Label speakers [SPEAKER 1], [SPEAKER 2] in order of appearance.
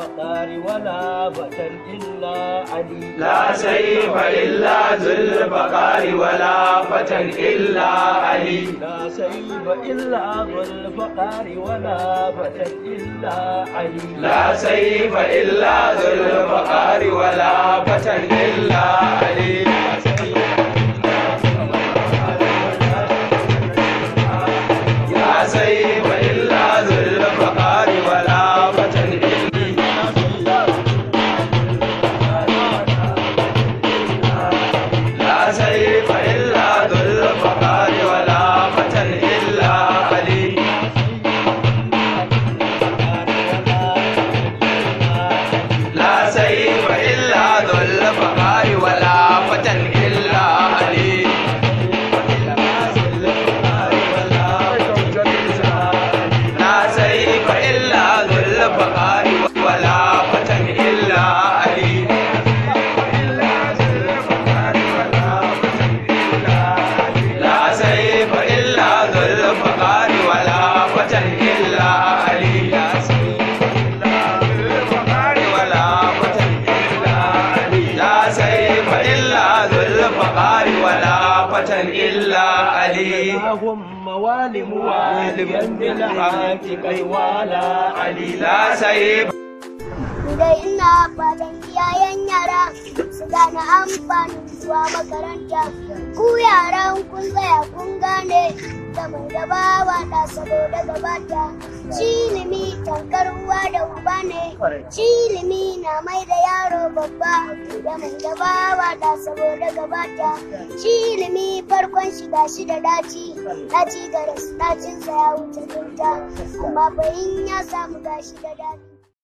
[SPEAKER 1] bakari wala batan illa ali la saifa illa zul bakari wala batan illa ali la saifa illa zul bakari wala batan illa ali la saifa illa zul bakari wala batan illa ali watan illa علي اللهم والم والم برحمتك ولا علي لا
[SPEAKER 2] balan iyayen yara su gane amfanin zuwa makaranta ku yaran kun tsaya kun gane da mai da bawa da saboda gabata shi ilimi tankar uwa da uba ne Shi ilimi na mai da yaro babba da mai gaba saboda gabata. Shi ilimi farkon shiga shi da daci, daci ga rasu dacinsa ya wuce gunta, amma bayin ya samu gashi da daci.